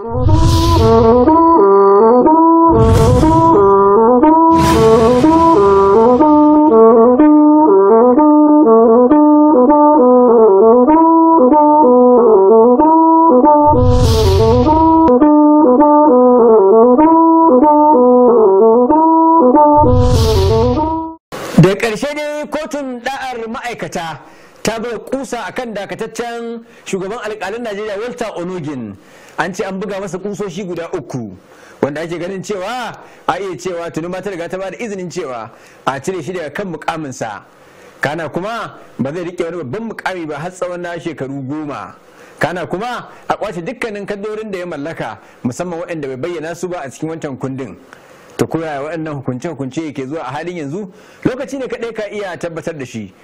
da ƙarshe ne kotun da'ar ma'aikata ta ƙusa kusa kan dakataccen shugaban alkalin najeriya walter onogin an ce an buga masa kusoshi guda uku wanda ake ganin cewa a iya cewa tuni ba ta riga ta ba da izinin cewa a cire shi daga kan mukaminsa kana kuma ba zai rike wani babban mukami ba har tsawon na shekaru goma kana kuma a kwace dukkanin kaddorin da ya mallaka musamman waɗanda bai bayyana su ba a cikin wancan kundin to koyaya waɗannan hukunce-hukunce ke zuwa a halin yanzu lokaci ne kaɗai ka iya tabbatar da shi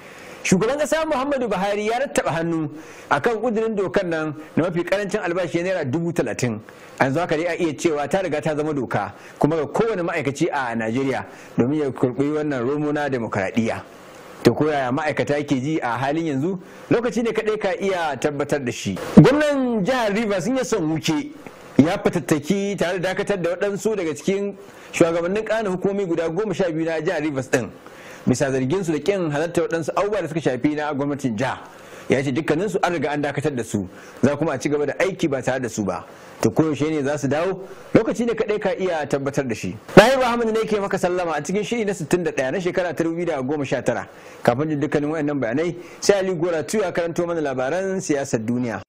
shugaban kasa muhammadu buhari ya rattaba hannu kan kudirin dokar nan na mafi karancin albashi naira dubu talatin an zo haka dai a iya cewa ta riga ta zama doka kuma ga kowane ma'aikaci a najeriya domin ya kurbi wannan romo na demokradiyya ta koyaya ma'aikata ke ji a halin yanzu lokaci ne kaɗai ka iya tabbatar da shi gwamnan jihar rivers ya son wuke ya fatattaki tare da dakatar da waɗansu daga cikin shugabannin ƙananan hukumomi guda goma sha biyu na jihar rivers ɗin bisa zargin su da kin halarta waɗansu abubuwa da suka shafi na gwamnatin jiha ya ce dukkanin su an riga an dakatar da su za kuma a ci gaba da aiki ba tare da su ba to koyaushe ne za su dawo lokaci da kadai ka iya tabbatar da shi Tahir Ahmad ne ke maka sallama a cikin shiri na 61 na shekara tara, kafin jin dukkanin wayannan bayanai sai Ali Gora ya karanto mana labaran siyasar duniya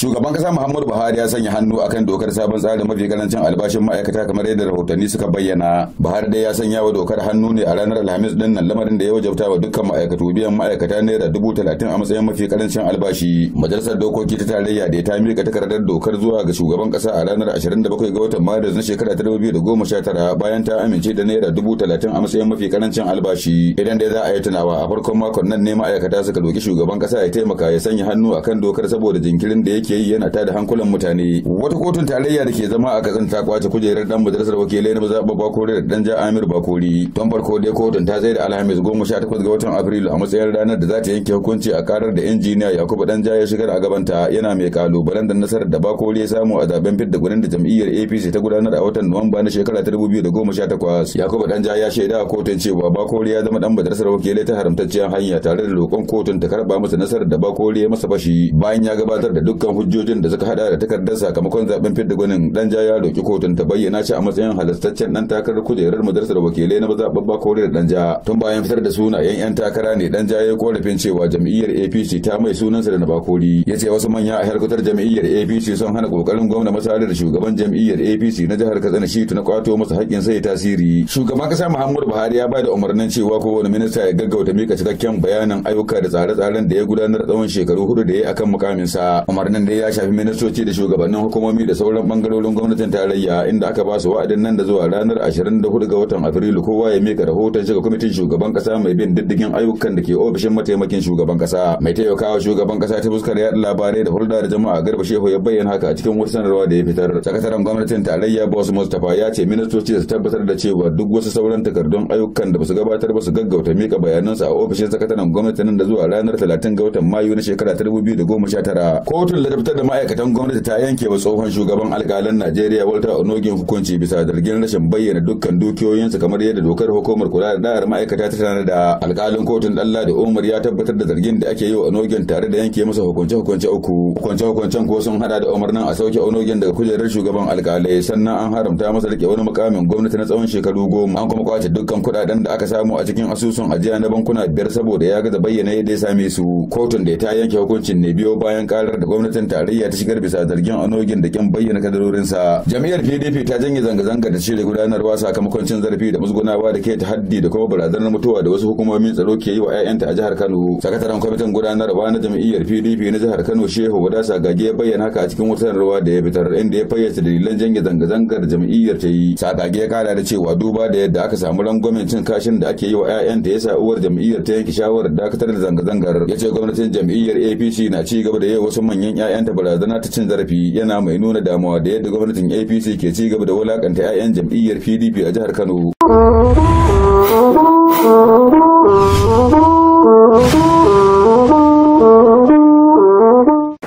shugaban kasa muhammadu buhari ya sanya hannu akan dokar sabon tsarin mafi karancin albashin ma'aikata kamar yadda rahotanni suka bayyana buhari dai ya sanya wa dokar hannu ne a ranar alhamis din nan lamarin da ya wajabta wa dukkan ma'aikatu biyan ma'aikata naira dubu talatin a matsayin mafi karancin albashi majalisar dokoki ta tarayya da ta mika takardar dokar zuwa ga shugaban kasa a ranar 27 ga watan maris na shekara ta tara bayan ta amince da naira dubu talatin a matsayin mafi karancin albashi idan dai za a yi tunawa a farkon makon nan ne ma'aikata suka doki shugaban kasa ya taimaka ya sanya hannu akan dokar saboda jinkirin da yake yake yi yana tada hankulan mutane wata kotun tarayya da ke zama a kasan ta kwace kujerar dan majalisar wakilai na zaɓa bakori da dan ja amir bakori tun farko dai kotun ta tsaye da alhamis goma sha takwas ga watan afrilu a matsayin ranar da za ta yanke hukunci a karar da injiniya yakubu dan ja ya shigar a gabanta yana mai kalubalen da nasarar da bakori ya samu a zaben fidda gudun da jam'iyyar apc ta gudanar a watan nuwamba na shekara ta dubu biyu da goma sha takwas yakubu dan ja ya shaida a kotun cewa bakori ya zama dan majalisar wakilai ta haramtacciyar hanya tare da lokon kotun ta karba masa nasarar da bakori ya masa fashi bayan ya gabatar da dukkan hujjojin da suka hada da takardar sakamakon zaben fidda gwanin dan ja ya roki kotun ta bayyana shi a matsayin halastaccen dan takarar kujerar majalisar wakilai na mazaɓar kore da dan ja tun bayan fitar da suna yan takara ne dan ja ya korafin cewa jam'iyyar APC ta mai sunansa da na bakori ya ce wasu manya a harkutar jam'iyyar APC sun hana kokarin gwamna masarar da shugaban jam'iyyar APC na jihar Katsina shi na kwato masa haƙƙin sai tasiri shugaban kasa Muhammadu Buhari ya bada umarnin cewa kowane minista ya gaggauta mika cikakken bayanin ayyuka da tsare-tsaren da ya gudanar tsawon shekaru hudu da ya akan mukaminsa umarnin ne ya shafi ministoci da shugabannin hukumomi da sauran bangarorin gwamnatin tarayya inda aka ba su wa'adin nan da zuwa ranar 24 ga watan afrilu kowa ya mika rahoton shiga kwamitin shugaban kasa mai bin diddigin ayyukan da ke ofishin mataimakin shugaban kasa mai taimakawa shugaban kasa ta fuskar yaɗa labarai da hulɗa da jama'a garba shehu ya bayyana haka a cikin wata sanarwa da ya fitar sakataren gwamnatin tarayya boss mustapha ya ce ministoci su tabbatar da cewa duk wasu sauran takardun ayyukan da ba su gabatar ba su gaggauta mika bayanansu a ofishin sakataren gwamnatin nan da zuwa ranar 30 ga watan mayu na shekara 2019 kotun ladabtar fitar da ma'aikatan gwamnati ta yanke wa tsohon shugaban alkalan Najeriya Walter Onogin hukunci bisa zargin rashin bayyana dukkan dukiyoyinsa kamar yadda dokar hukumar kula da da'ar ma'aikata ta tana da alkalin kotun Dalla da Umar ya tabbatar da zargin da ake yi wa Onogin tare da yanke masa hukunce hukunce uku hukunce hukuncen ko sun hada da umarnin a sauke Onogin daga kujerar shugaban alkalai sannan an haramta masa rike wani mukamin gwamnati na tsawon shekaru goma an kuma kwace dukkan kuɗaɗen da aka samu a cikin asusun ajiya na bankuna biyar saboda ya gaza bayyana yadda ya same su kotun da ta yanke hukuncin ne biyo bayan karar da gwamnatin tarayya ta shigar bisa zargin anogin da kin bayyana kadarorinsa jami'ar pdp ta janye zanga-zanga da cire gudanarwa sakamakon cin zarafi da musgunawa da ke ta haddi da kuma barazanar mutuwa da wasu hukumomin tsaro ke yi wa 'ya'yanta a jihar kano sakataren kwamitin gudanarwa na jami'ar pdp na jihar kano shehu wadasa gage ya bayyana haka a cikin wata sanarwa da ya fitar inda ya fayyace dalilan janye zanga-zangar jami'ar ta yi sakage ya kara da cewa duba da yadda aka samu rangwamen cin kashin da ake yi wa 'ya'yanta yasa uwar jam'iyyar ta yanke shawarar dakatar da zanga-zangar ya ce gwamnatin jami'ar apc na ci gaba da yi wasu manyan 'ya'yan ta barazana ta cin zarafi yana mai nuna damuwa da yadda gwamnatin apc ke ci gaba da wulakanta 'ya'yan jam'iyyar pdp a jihar kano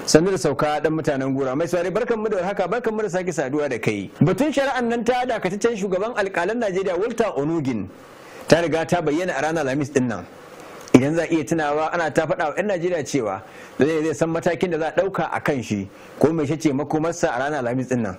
sannu da sauka dan mutanen gura mai saurari barkan mu da haka barkan mu da sake saduwa da kai batun shari'an nan ta dakataccen shugaban alkalan najeriya walter onugin ta riga ta bayyana a ranar lamis din idan za a iya tunawa ana ta faɗa wa 'yan najeriya cewa zai zai san matakin da za a ɗauka a kan shi ko mai ce makomarsa a ranar alhamis din nan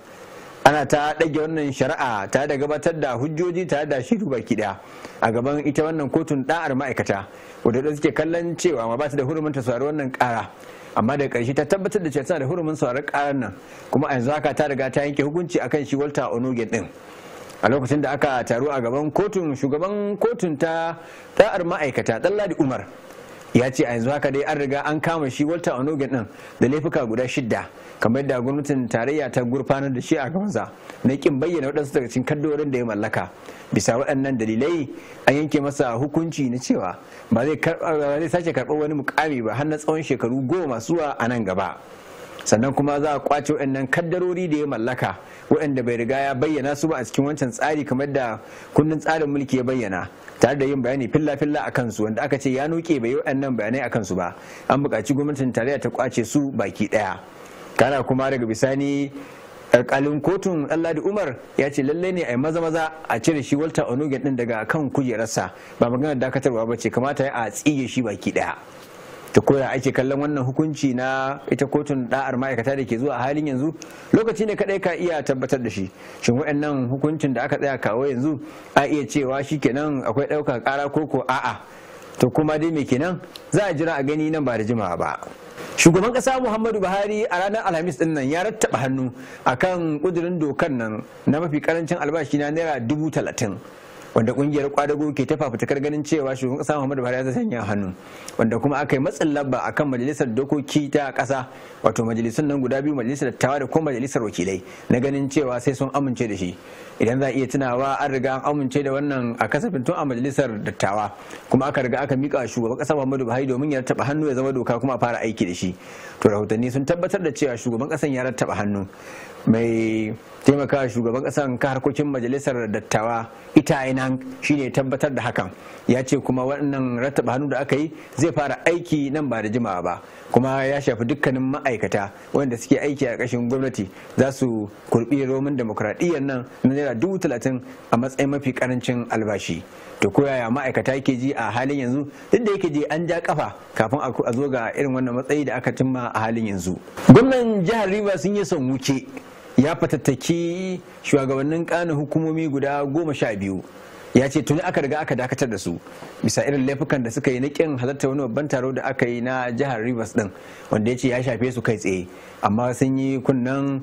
ana ta ɗage wannan shari'a tare da gabatar da hujjoji tare da shiru baki ɗaya a gaban ita wannan kotun ɗa'ar ma'aikata wadda da suke kallon cewa ma ba ta da hurumin ta saurari wannan ƙara amma daga ƙarshe ta tabbatar da cewa tana da hurumin saurari ƙarar nan kuma a yanzu haka ta riga ta yanke hukunci akan shi walter onogen ɗin a lokacin da aka taru a gaban kotun shugaban kotun ta ta'ar ma'aikata ɗanladi umar ya ce a yanzu haka dai an riga an kama shi walter onogen din da laifuka guda shidda kamar yadda gwamnatin tarayya ta gurfanar da shi a gabansa na kin bayyana waɗansu daga cikin kaddorin da ya mallaka bisa waɗannan dalilai an yanke masa hukunci na cewa ba zai sace karɓar wani mukami ba har na tsawon shekaru goma zuwa a nan gaba sannan kuma za a kwace waɗannan kaddarori da ya mallaka waɗanda bai riga ya bayyana su ba a cikin wancan tsari kamar da kundin tsarin mulki ya bayyana tare da yin bayani filla-filla a kansu wanda aka ce ya nuke bai waɗannan bayanai a kansu ba an buƙaci gwamnatin tarayya ta kwace su baki ɗaya kana kuma daga bisani alkalin kotun Alladi Umar ya ce lallai ne a yi maza maza a cire shi Walter Onugen din daga kan kujerarsa ba maganar dakatarwa ba ce kamata ya a tsige shi baki ɗaya. ta koya ake kallon wannan hukunci na ita kotun da'ar ma'aikata da ke zuwa halin yanzu lokaci ne kadai ka iya tabbatar da shi shin waɗannan hukuncin da aka tsaya kawo yanzu a iya cewa shi kenan akwai ɗaukar ƙara ko ko a'a to kuma dai me kenan za a jira a gani nan ba da jimawa ba shugaban kasa muhammadu buhari a ranar alhamis din nan ya rattaba hannu akan kudirin dokar nan na mafi karancin albashi na naira dubu talatin wanda kungiyar kwadago ke ta fafutukar ganin cewa shugaban kasa muhammadu buhari ya sanya hannu wanda kuma aka yi matsin lamba kan majalisar dokoki ta kasa wato majalisun nan guda biyu majalisar dattawa da kuma majalisar wakilai na ganin cewa sai sun amince da shi idan za a iya tunawa an riga an amince da wannan a kasafin tun a majalisar dattawa kuma aka riga aka mika shugaban kasa muhammadu buhari domin ya taba hannu ya zama doka kuma a fara aiki da shi to rahotanni sun tabbatar da cewa shugaban kasan ya rattaba hannu mai taimaka shugaban kasan ka harkokin majalisar dattawa ita ainihin shine tabbatar da hakan ya ce kuma wannan rattaba hannu da aka yi zai fara aiki nan ba da jimawa ba kuma ya shafi dukkanin ma'aikata wanda suke aiki a ƙashin gwamnati za su kurbi roman demokradiyyar nan na naira dubu talatin a matsayin mafi karancin albashi to ko yaya ma'aikata yake ji a halin yanzu duk da yake ji an ja kafa kafin a zo ga irin wannan matsayi da aka cimma a halin yanzu gwamnan jihar riba sun yi son wuce ya fatattaki shugabannin kana hukumomi guda goma sha biyu ya ce tuni aka riga aka dakatar da su bisa irin laifukan da suka yi na kin halarta wani babban taro da aka yi na jihar rivers din wanda ya ce ya shafe su kai tsaye amma sun yi kunnen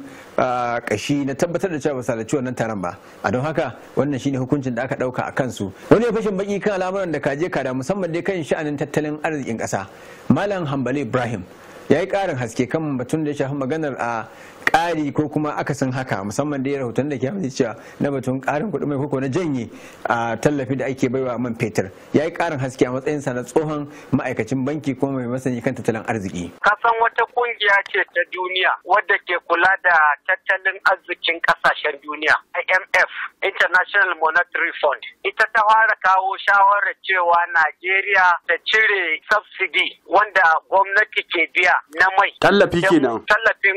kashi na tabbatar da cewa ba halarci wannan taron ba a don haka wannan shine hukuncin da aka dauka a kansu wani ya fashin baki kan al'amuran da kaje da musamman dai kan sha'anin tattalin arzikin kasa malam hambali ibrahim ya yi karin haske kan batun da ya shafi maganar a ƙari ko kuma aka san haka musamman da ya rahoton da ke hafi cewa na batun ƙarin kuɗi mai koko na janye a tallafi da ake baiwa man fetur ya yi ƙarin haske a matsayinsa na tsohon ma'aikacin banki kuma mai masani kan tattalin arziki. kasan wata ƙungiya ce ta duniya wadda ke kula da tattalin arzikin ƙasashen duniya imf international monetary fund ita ta fara kawo shawarar cewa najeriya ta cire subsidy wanda gwamnati ke biya na mai tallafi kenan tallafin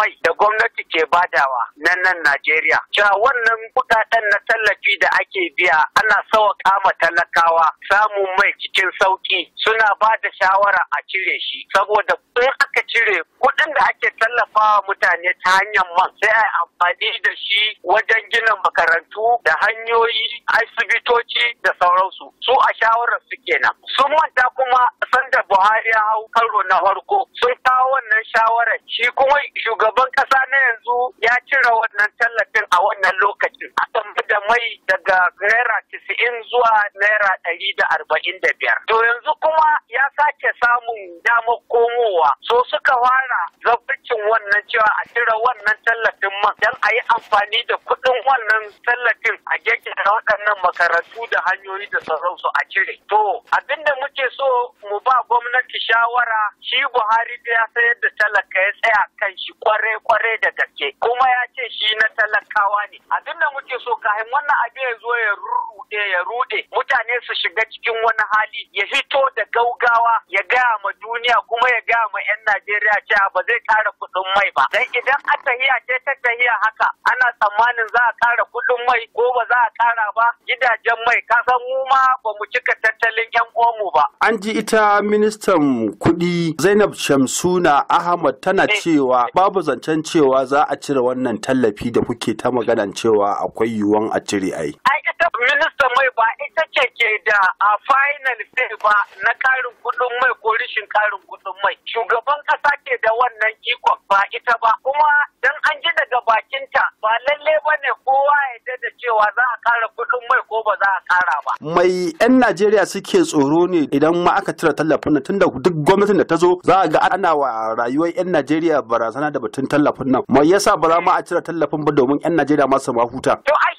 mai da gwamnati ke badawa na nan Najeriya. Cewa wannan kudaden na tallafi da ake biya ana sawa kama talakawa samun mai cikin sauki suna ba da shawara a cire shi saboda in aka cire kuɗin da ake tallafawa mutane ta hanyar man sai a amfani da shi wajen gina makarantu da hanyoyi asibitoci da sauransu su a shawarar su kenan. Sun manta kuma sanda Buhari ya hau karo na farko sun kawo wannan shawarar shi kuma shugaban ƙasa na yanzu ya cire wannan tallafin a wannan lokacin a da mai daga naira tisa'in zuwa naira ɗari da arba'in da biyar. To yanzu kuma ya sake samun damar komowa so suka fara zabbacin wannan cewa a cire wannan tallafin man dan a yi amfani da kuɗin wannan tallafin a gyaggyara waɗannan makarantu da hanyoyi da sauransu a cire. To abinda muke so mu ba gwamnati shawara shi Buhari da ya sayar da talaka ya tsaya kan shi kwarai kwarai da gaske kuma ya ce shi na talakawa ne abin da muke so kayan wannan abin ya zo ya rurrude ya rude mutane su shiga cikin wani hali ya fito da gaugawa ya gaya ma duniya kuma ya gaya ma 'yan Najeriya cewa ba zai kara kudin mai ba dan idan a tahiya ce ta tahiya haka ana tsammanin za a kara kullum mai ko ba za a kara ba gidajen mai ka san mu ma ba mu cika tattalin 'yan mu ba an ji ita ministan kuɗi Zainab Shamsuna Ahmad tana eh. cewa babu zancen san cewa za a cire wannan tallafi da kuke ta maganan cewa akwai yiwuwan a cire ai? Ai ministan mai ba ita ce ke da a final say ba na karin kudin mai ko rishin karin kudin mai shugaban kasa ke da wannan ikon ba ita ba kuma dan an ji daga bakinta ba lalle ba ne kowa ya da cewa za a kara kudin mai ko ba za a kara ba mai yan najeriya suke tsoro ne idan ma aka cire tallafin nan tunda duk gwamnatin da ta zo za a ga ana wa rayuwar yan najeriya barazana da batun tallafin nan mai yasa ba za ma a cire tallafin ba domin yan najeriya ma su ma huta to ai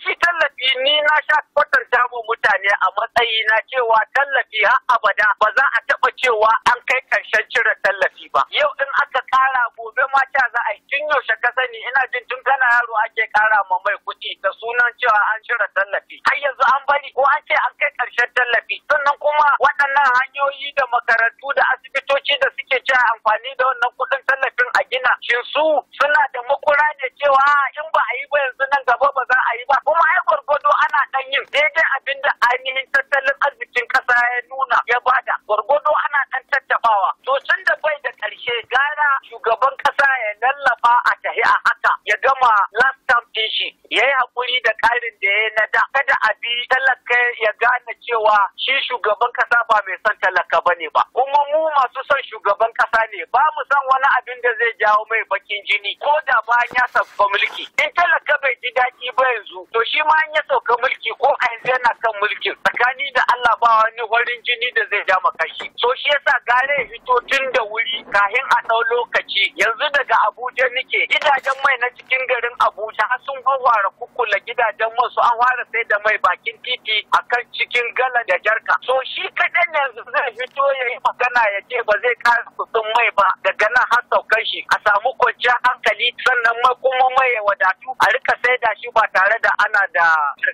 tallafi ni na sha kwatanta mu mutane a matsayi na cewa tallafi har abada ba za a taba cewa an kai karshen cire tallafi ba yau in aka kara gobe mata za a yi tun yaushe ka sani ina jin tun kana yaro ake kara ma mai kuɗi da sunan cewa an cire tallafi har yanzu an bari ko an ce an kai karshen tallafi sannan kuma waɗannan hanyoyi da makarantu da asibitoci da suke cewa amfani da wannan kuɗin tallafin a gina shin su suna da makura ne cewa in ba a yi ba yanzu nan gaba ba za a yi ba kuma ai gwargwado ana dan yin daidai abin da ainihin tattalin arzikin kasa ya nuna ya bada gwargwado ana dan tattabawa to sun da bai da karshe gara shugaban kasa ya lallafa a tahi a haka ya gama last din shi ya yi hakuri da ƙarin da ya na da kada a bi talaka ya gane cewa shi shugaban kasa ba mai son talaka ba ne ba kuma mu masu son shugaban kasa ne ba mu san wani abin da zai jawo mai bakin jini ko da bayan ya sauka mulki in talaka bai ji daɗi ba yanzu to shi ma an ya sauka mulki ko a yanzu yana kan mulkin tsakani da Allah ba wani horin jini da zai ja maka shi so shi yasa gare ya fito tun da wuri kafin a ɗau lokaci yanzu daga Abuja nake. gidajen mai na cikin garin Abuja sun fara kukkula gidajen man su an fara sai da mai bakin titi a kan cikin gala da jarka so shi kaɗan yanzu zai fito ya yi magana ya ce ba zai kara kusan mai ba daga nan har saukar shi a samu kwanciyar hankali sannan kuma mai ya wadatu a rika saida shi ba tare da ana da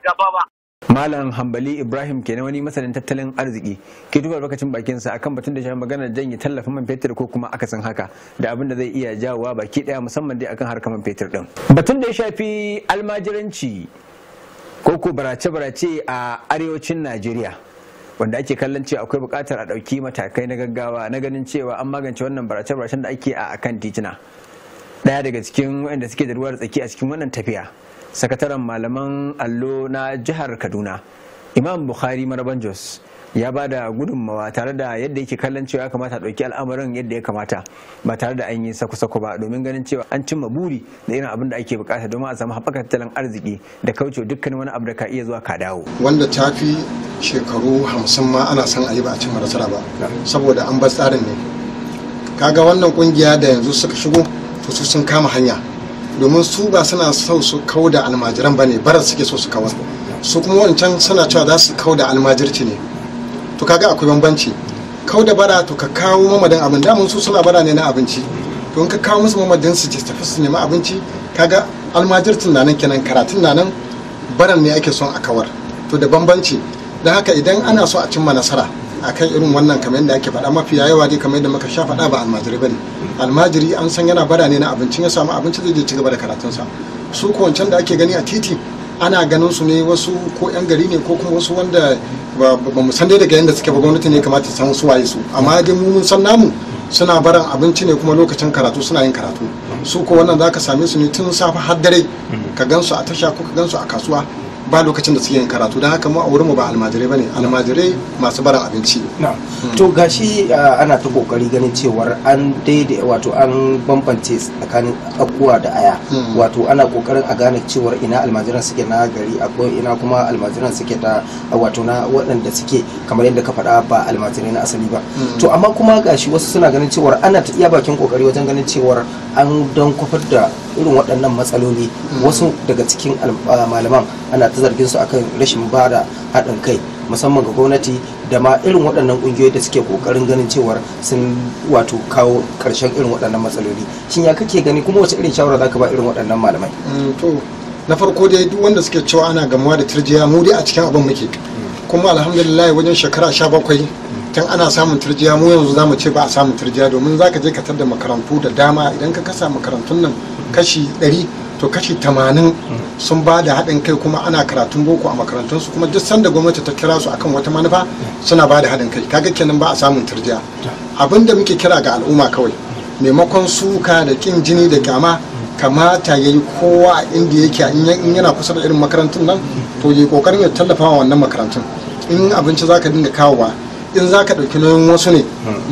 gaba ba Malam Hambali Ibrahim kenan wani masanin tattalin arziki ke duba lokacin bakinsa akan batun da shi magana janye tallafin man fetur ko kuma akasin haka da abin da zai iya jawowa baki daya musamman dai akan harkar man fetur din. Batun da ya shafi almajiranci ko ko barace-barace a arewacin Najeriya wanda ake kallon cewa akwai buƙatar a ɗauki matakai na gaggawa na ganin cewa an magance wannan barace-baracen da ake a akan titina. ɗaya daga cikin waɗanda suke da ruwa tsaki a cikin wannan tafiya. sakataren malaman allo na jihar kaduna imam bukhari maraban jos ya ba da gudunmawa tare da yadda yake kallon cewa ya kamata ɗauki al'amarin yadda ya kamata ba tare da an yi sako-sako ba domin ganin cewa an cimma buri da irin abin da ake bukata domin a samu haɓakar tattalin arziki da kaucewa dukkan wani abu da ka iya zuwa ka dawo. wanda ta fi shekaru hamsin ma ana son a yi ba a cimma nasara ba saboda an bar tsarin ne kaga wannan kungiya da yanzu suka shigo to su sun kama hanya domin su ba suna so su kawo da almajiran ba ne barar suke so su kawar su kuma wancan suna cewa za su kawo da almajirci ne to kaga akwai bambanci kawo da bara to ka kawo mamadin abin damun su suna bara ne na abinci to in ka kawo musu mamadin su ce tafi su nemi abinci kaga almajircin na nan kenan karatun na nan baran ne ake son a kawar to da bambanci don haka idan ana so a cimma nasara a kan irin wannan kamar yadda ake faɗa mafiya yawa dai kamar yadda muka sha faɗa ba almajiri ba ne almajiri an san yana bara ne na abincin ya samu abinci zai je ci gaba da karatunsa su ko wancan da ake gani a titi ana ganin su ne wasu ko yan gari ne ko kuma wasu wanda ba mu san dai daga yadda suke ba gwamnati ne kamata san su waye su amma dai mu mun san namu suna baran abinci ne kuma lokacin karatu suna yin karatu su ko wannan zaka same su ne tun safe har dare ka gansu a tasha ko ka gan su a kasuwa ba lokacin da suke yin karatu don haka mu a wurinmu ba almajirai bane almajirai masu bara abinci to gashi ah, ana ta kokari ganin cewar an daidai wato an bambance tsakanin akuwa da aya hmm. wato ana kokarin a gane cewar ina almajiran suke na gari akwai ina kuma almajiran suke ta wato na waɗanda suke kamar yadda ka faɗa ba almajirai na asali ba hmm. to amma kuma gashi wasu suna ganin cewar ana ta iya bakin kokari wajen ganin cewar an don kwafar da irin waɗannan matsaloli hmm. wasu daga cikin ah, malaman ana ta zargin su akan rashin bada haɗin kai musamman ga gwamnati da ma irin waɗannan ƙungiyoyi da suke ƙoƙarin ganin cewar sun wato kawo ƙarshen irin waɗannan matsaloli shin ya kake gani kuma wace irin shawara zaka ba irin waɗannan malamai mm, to na farko dai duk wanda suke cewa ana gamuwa da tirjiya mu dai a cikin abin muke kuma alhamdulillah wajen shekara sha bakwai tun ana samun turjiya mu yanzu za mu ce ba a samun turjiya domin zaka ka je ka tar da makarantu da dama idan ka kasa makarantun nan kashi ɗari to kashi tamanin sun ba da haɗin kai kuma ana karatun boko a makarantunsu kuma duk sanda gwamnati ta kira su akan wata manufa suna ba da haɗin kai kaga kenan ba a samun turjiya abin da muke kira ga al'umma kawai maimakon suka da kin jini da kyama kamata ya yi kowa inda yake in yana kusa da irin makarantun nan to ya kokarin ya tallafa wa wannan makarantun in abinci za ka dinga kawowa in za ka ɗauki nauyin wasu ne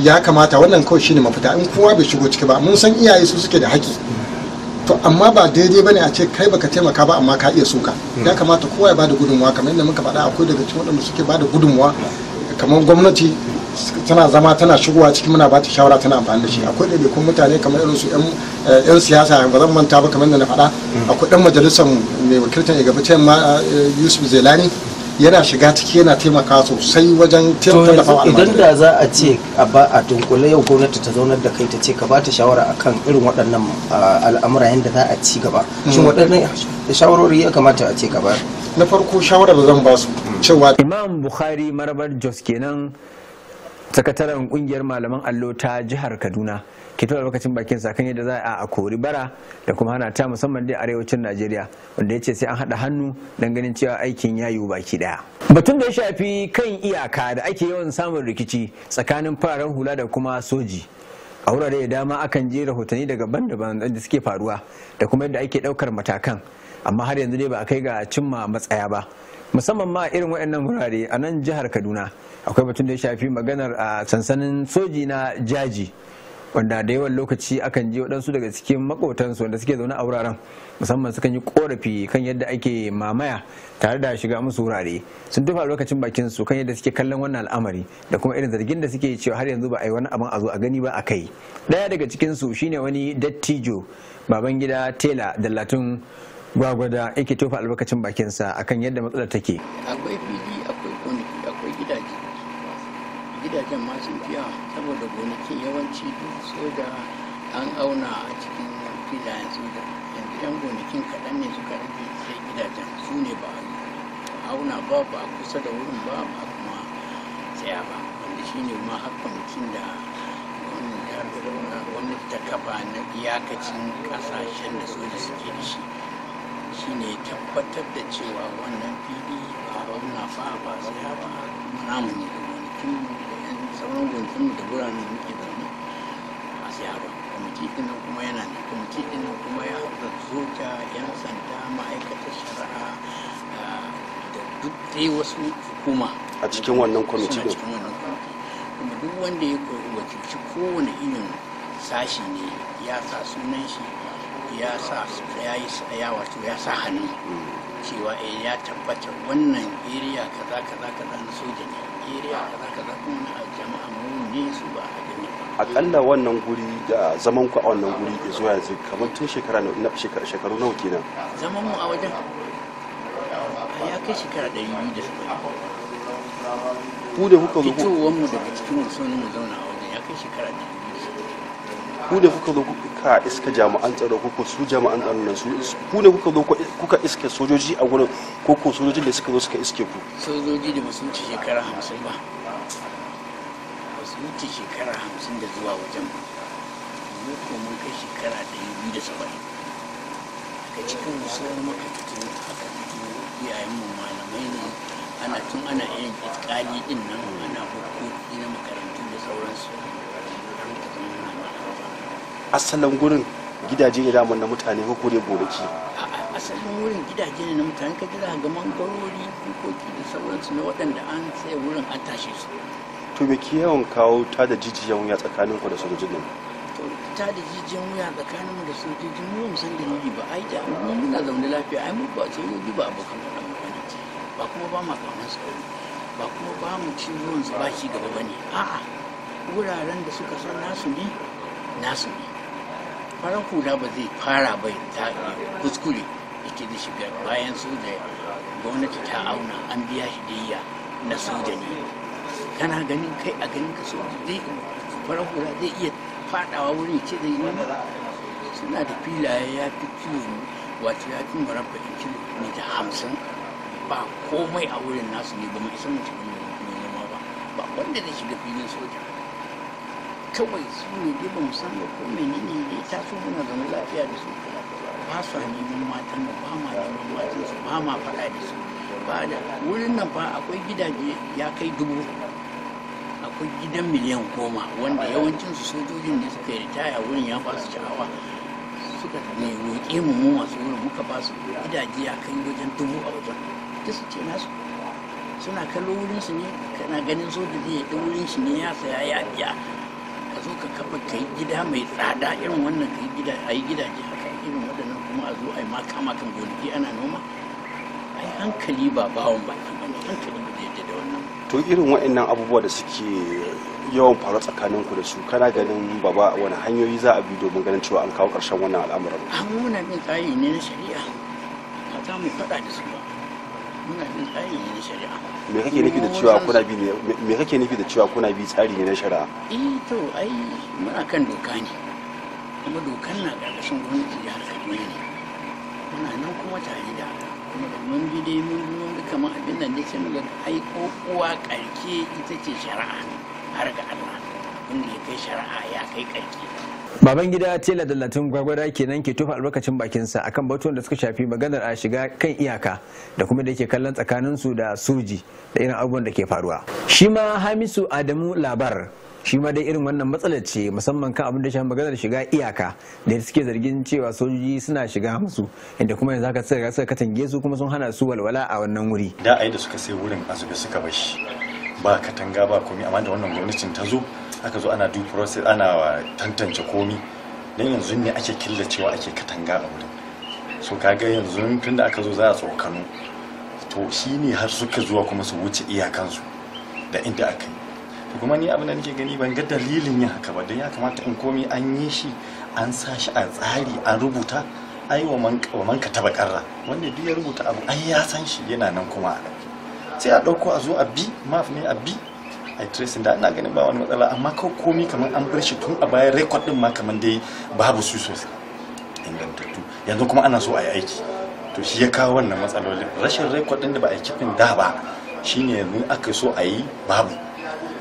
ya kamata wannan kawai shine mafita in kowa bai shigo ciki ba mun san iyaye su suke da haƙƙi to amma ba daidai bane a ce kai baka taimaka ba amma ka iya suka hmm. ya kamata kowa ya bada gudunmuwa kamar yadda muka faɗa akwai daga cikin waɗanda suke bada gudunmuwa kamar gwamnati tana zama tana shigowa cikin muna bata shawara tana amfani da shi akwai kuma mutane kamar irin su yan eh, siyasa ba zan manta ba kamar da na faɗa hmm. akwai ɗan majalisar mai wakiltar ya yamma eh, yusuf zelani yana shiga ciki yana taimaka sosai wajen tallafawa idan da za a ce a dunkule yau gwamnati ta zaunar da kai ta ce ka ba ta shawara akan irin waɗannan al'amura yadda za a ci gaba hmm. shin waɗannan shawarori ya kamata a ce ka ba na farko shawarar da zan ba su cewa imam bukhari marabar jos kenan sakataren kungiyar malaman allo ta jihar kaduna ke tura lokacin bakin sa kan yadda za a kori bara da kuma hana ta musamman dai arewacin najeriya wanda ya ce sai an haɗa hannu don ganin cewa aikin ya yiwu baki daya batun da ya shafi kan iyaka da ake yawan samun rikici tsakanin fararen hula da kuma soji a wurare da dama akan je rahotanni daga daban da suke faruwa da kuma yadda ake ɗaukar matakan amma har yanzu dai ba a kai ga cimma matsaya ba musamman ma irin waɗannan wurare a nan jihar kaduna akwai batun da ya shafi maganar a ah, sansanin soji na jaji wanda da yawan lokaci akan ji waɗansu daga cikin makotansu wanda suke zaune a wuraren musamman sukan yi korafi kan yadda ake mamaya tare da shiga musu wurare sun tufa lokacin bakin su kan yadda suke kallon wannan al'amari da kuma irin zargin da suke cewa har yanzu ba a yi wani abin a zo a gani ba a kai ɗaya daga cikin su shine wani dattijo baban gida tela latin gwagwada yake tofa albarkacin bakinsa akan yadda matsalar take akwai gonaki yawanci duk soja an auna a cikin filayen soja yanzu yan gonakin kaɗan ne suka rage sai gidajen su ne ba a auna ba ba kusa da wurin ba ba kuma tsaya ba wanda shi ne ma har kwamitin da wani ta kafa na iyakacin ƙasashen da soja suke da shi shine tabbatar da cewa wannan fili a auna fa ba tsaya ba namu ne da da sauran gunkin da birane muke mu a siya kwamiti ɗin kuma yana ne kwamiti ɗin kuma ya haɗa soja yan sanda ma'aikatar shari'a ah, da duk dai wasu hukuma a cikin wannan kwamiti ɗin kuma duk wanda ya wakilci kowane irin sashi ne ya sa sunan shi ya sa ya yi ya wato ya sa hannu hmm. cewa eh, ya tabbatar wannan iriya kaza kaza kaza na soja ne a akalla wannan guri da zaman ku a wannan guri da zuwa yanzu kamar tun shekara na shekaru nawa kenan zaman mu a wajen ya kai shekara ɗari biyu da ku da kuka zo fitowar mu daga cikin mu mu zauna a wajen ya kai shekara ɗari ku ne kuka zo kuka iska jami'an tsaro ko su jami'an tsaro nan su ku ne kuka zo kuka iske sojoji a gurin ko ko sojoji da suka zo suka iske ku sojoji da musun ci shekara 50 ba musun ci shekara 50 da zuwa wajen mu ko mun kai shekara 270 ka cikin musulman maka fito aka fito iyayen mu malamai ne ana tun ana yin itkali din nan ana hukuki na makarantun da sauransu asalin gurin gidaje ne daman na mutane ko kore gonaki asalin wurin gidaje ne na mutane ka gida ga mangarori kukoki da sauransu na waɗanda an sai wurin an tashe su to me ke yawan kawo ta da jijiyan wuya tsakanin ku da sojojin nan ta da jijiyan wuya tsakanin mu da sojojin mu mun san dalili ba ai da mu muna zaune lafiya ai mu ba sojoji ba abokan faɗa mu bane ba kuma ba ma kaunar su ba kuma ba mu ci ruwan su ba shi gaba bane a'a wuraren da suka san nasu ne nasu ne farar hula ba zai fara ba ta kuskure yake da shi bayan soja ya gwamnati ta auna an biya shi diya na soja ne kana ganin kai a ganin ka soja zai farar hula zai iya fadawa wurin ce zai yi suna da filaye ya fi kilo wato ya fi marabba in kilo ne da hamsin ba komai a wurin nasu ne ba mu isa mutum ne ba ba wanda zai shiga filin soja kawai su ne dai ba musamman ko menene ne ta so muna zama lafiya da su ba su neman matan mu ba ma neman matan su ba ma faɗa da su ba da wurin nan fa akwai gidaje ya kai dubu akwai gidan miliyan goma wanda yawancin su sojojin da suka yi ritaya wurin ya ba su sha'awa suka ne roƙe mu mu masu wurin muka ba su gidaje ya kai wajen dubu a wajen ta su ce nasu suna kallo wurin su ne kana ganin soja zai ya wurin shi ne ya saya ya biya zo ka kafa ka gida mai tsada irin wannan ka yi gida a yi gidaje haka irin waɗannan kuma a zo a yi kama kan gonaki ana noma yi hankali ba bawon ba hankali ba zai da wannan to irin waɗannan abubuwa da suke yawan faru tsakanin ku da su kana ganin baba wani hanyoyi za a bi domin ganin cewa an kawo ƙarshen wannan al'amuran a muna bin tsari ne na shari'a ba za mu faɗa da su ba me kake nufi da cewa kuna bi me kake nufi da cewa kuna bi tsari ne na shari'a eh to ai muna kan doka ne kuma dokan na gwamnati gwamnatin jihar Kaduna ne muna nan kuma tare da kuma da mun bi dai mun mun bi kamar abin nan ne ke nuna ga ai kokowa ƙarke ita ce shari'a har ga Allah wanda ya kai shari'a ya kai karke baban gida tela dallatin gwagwada kenan ke tufa albarkacin bakinsa akan batun da suka shafi maganar a shiga kan iyaka da kuma da ke kallon tsakaninsu da soji da irin abubuwan da ke faruwa shi ma hamisu adamu labar shi ma dai irin wannan matsalar ce musamman kan abin da shi maganar shiga iyaka da suke zargin cewa sojoji suna shiga musu inda kuma yanzu haka suka suka katange su kuma sun hana su walwala a wannan wuri da ai da suka sai wurin a suka bashi ba katanga ba komai amma da wannan gwamnatin ta zo aka zo ana due process ana tantance komi dan yanzu ne ake killacewa ake katanga a wurin so kaga yanzu tun da aka zo za a tsokano to shi ne har suka zuwa kuma su wuce iyakansu da inda aka yi to kuma ni abin da nake gani ban ga dalilin yin haka ba dan ya kamata in komi an yi shi an sa shi a tsari an rubuta ai wa man ka tabakarra wanda duk ya rubuta abu ai ya san shi yana nan kuma sai a ɗauko a zo a bi maf ne a bi a tracing da ina ganin ba wani matsala amma kawai komi kamar an bar shi tun a bayan record din ma kamar dai babu su sosai ingantattu yanzu kuma ana so a yi aiki to shi ya kawo wannan matsalolin rashin record din da ba a kifin da ba shine yanzu aka so a yi babu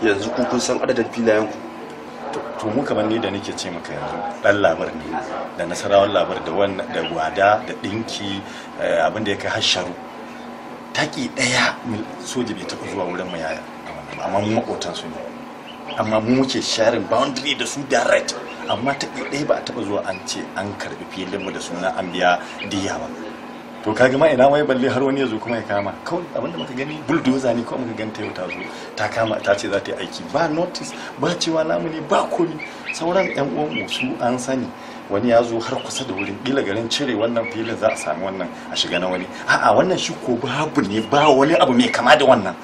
yanzu ku kun san adadin filayen ku to mu kamar ni da nake ce maka yanzu dan labar ne da nasarawar labar da wannan da gwada da dinki eh, abin da ya kai hasharu taki daya soja bai taɓa zuwa wurin mu yaya amma mu makotan su ne amma mu muke sharing boundary da su direct amma ta ɗaya ba a taɓa zuwa an ce an karɓi filin mu da suna an biya diya ba to ga ma ina wai balle har wani ya zo kuma ya kama kawai abinda muka gani bulldozer ne ko muka ganta yau ta zo ta kama ta ce za ta yi aiki ba notice ba cewa namu ne ba komi sauran yan uwan mu su an sani wani ya zo har kusa da wurin bila garin cire wannan filin za a sami wannan a shiga na wani a'a wannan shi ko babu ne ba wani abu mai kama da wannan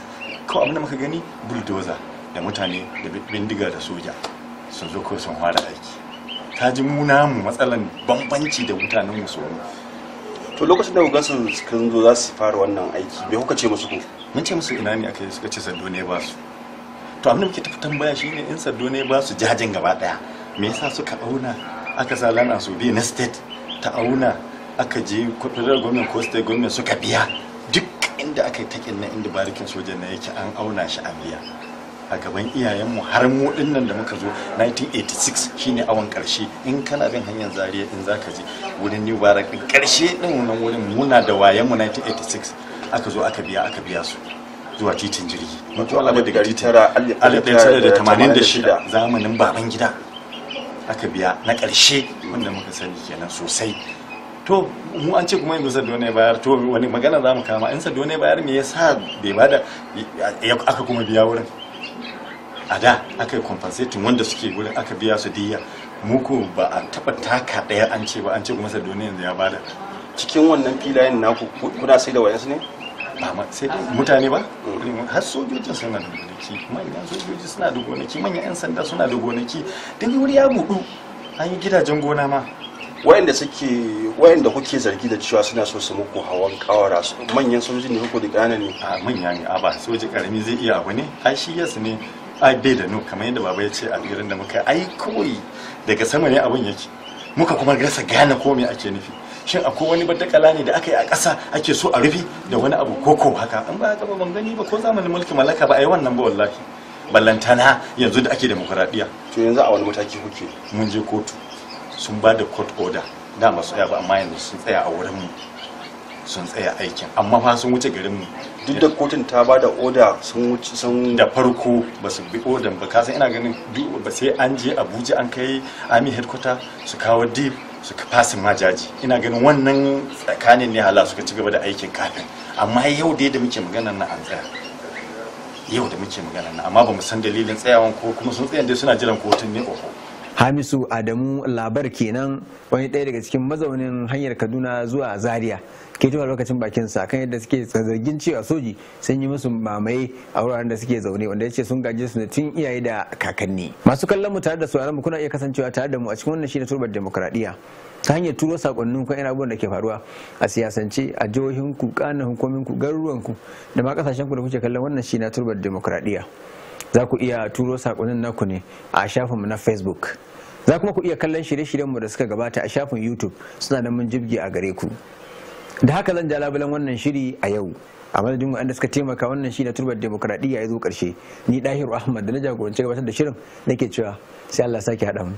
kawai abin da muka gani bulldozer da mutane da bindiga da soja sun zo kawai sun fara aiki ta ji mu matsalan bambanci da mutanen mu to lokacin da gasu su kan zo za su fara wannan aiki bai kuka ce musu ku mun ce musu ina ne aka suka ce sando ne ba su to abin da muke tafi tambaya shine in sando ne ba su jajin gaba daya me yasa suka auna aka sa lana su bi na state ta auna aka je federal gwamnati ko state gwamnati suka biya inda aka yi takin na inda barikin sojan na yake an auna shi a biya a gaban iyayenmu har mu nan da muka zo 1986 shine awon karshe in kana bin hanyar zariya din zaka je wurin new barak din karshe din nan wurin muna da wayen mu 1986 aka zo aka biya aka biya su zuwa titin jirgi mutu Allah bai da titin 1986 zamanin baban gida aka biya na karshe wanda muka sani kenan sosai to mu an ce kuma yanzu sadone bayar to wani magana za mu kama in sadone bayar me yasa bai bada aka kuma biya wurin a da aka yi compensating wanda suke wurin aka biya su diya muku ba a taba taka daya an ce ba an ce kuma sadone yanzu ya bada cikin wannan filayen naku kuna sai da wayansu ne ba sai mutane ba har sojojin suna da gonaki kuma idan sojoji suna da gonaki manyan 'yan sanda suna da gonaki duk wuri ya budu an yi gidajen gona ma wayanda suke wayanda kuke zargi da cewa suna so su muku hawan kawara su manyan sojoji ne ko da ƙana ne a manya ne a ba soji karami zai iya abu ne ai shi yasu ne ai bai da nu kamar yadda baba ya ce a birin da muka ai koyi daga sama ne abun yake muka kuma rasa gane ko me ake nufi shin akwai wani baddakala ne da aka yi a ƙasa ake so a rufe da wani abu koko haka an ba gaba ban gani ba ko zamanin mulki mallaka ba a yi wannan ba wallahi ballantana yanzu da ake demokradiya to yanzu a wani mataki kuke mun je kotu sun ba da court order da masu tsaya ba amma yanzu sun tsaya a wurin mu sun tsaya aikin amma fa sun wuce garin mu duk da kotun ta ba da order sun wuce sun da farko ba su bi order ba kasan ina ganin duk ba sai an je Abuja an kai army headquarter su kawo deep su fasin majaji ina ganin wannan tsakanin ne hala suka ci gaba da aikin kafin amma yau dai da muke magana na an tsaya yau da muke magana na amma ba mu san dalilin tsayawan ko kuma sun tsaya dai suna jiran kotun ne ko hamisu adamu labar kenan wani ɗaya daga cikin mazaunin hanyar kaduna zuwa zaria ke tuwa lokacin bakin sa kan yadda suke zargin cewa soji sun yi musu mamaye a wuraren da suke zaune wanda ya ce sun gaje su tun iyaye da kakanni masu kallon mu tare da sauraron mu kuna iya kasancewa tare da mu a cikin wannan na turbar demokradiyya ta hanyar turo sakonnin kan abubuwan da ke faruwa a siyasance a jihohinku kanan hukuminku garuruwanku da ma kasashen ku da kuke kallon wannan shi na turbar demokradiyya za ku iya turo sakonin naku ne a shafinmu na facebook za kuma ku iya kallon shirye-shiryenmu da suka gabata a shafin youtube suna da mun jibgi a gare ku da haka zan ja labulan wannan shiri a yau a madadin waɗanda suka taimaka wannan shi na turbar demokradiyya ya zo ƙarshe ni dahiru ahmad da na jagoranci gabatar da shirin nake cewa sai allah sake haɗa mu